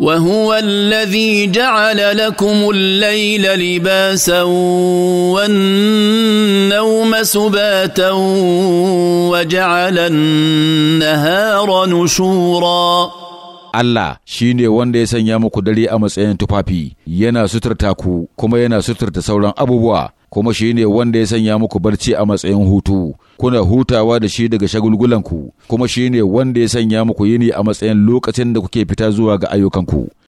وهو الذي جعل لكم الليل لباسا والنوم سباتا وجعل النهار نشورا Allah shi ne wanda ya sanya muku dare a matsayin tufafi, yana suturta ku kuma yana suturta sauran abubuwa kuma shi ne wanda ya sanya muku barci a matsayin hutu, kuna hutawa da shi daga shagulgulanku, kuma shi ne wanda ya sanya muku yini a matsayin lokacin da kuke fita zuwa ga ayyukanku.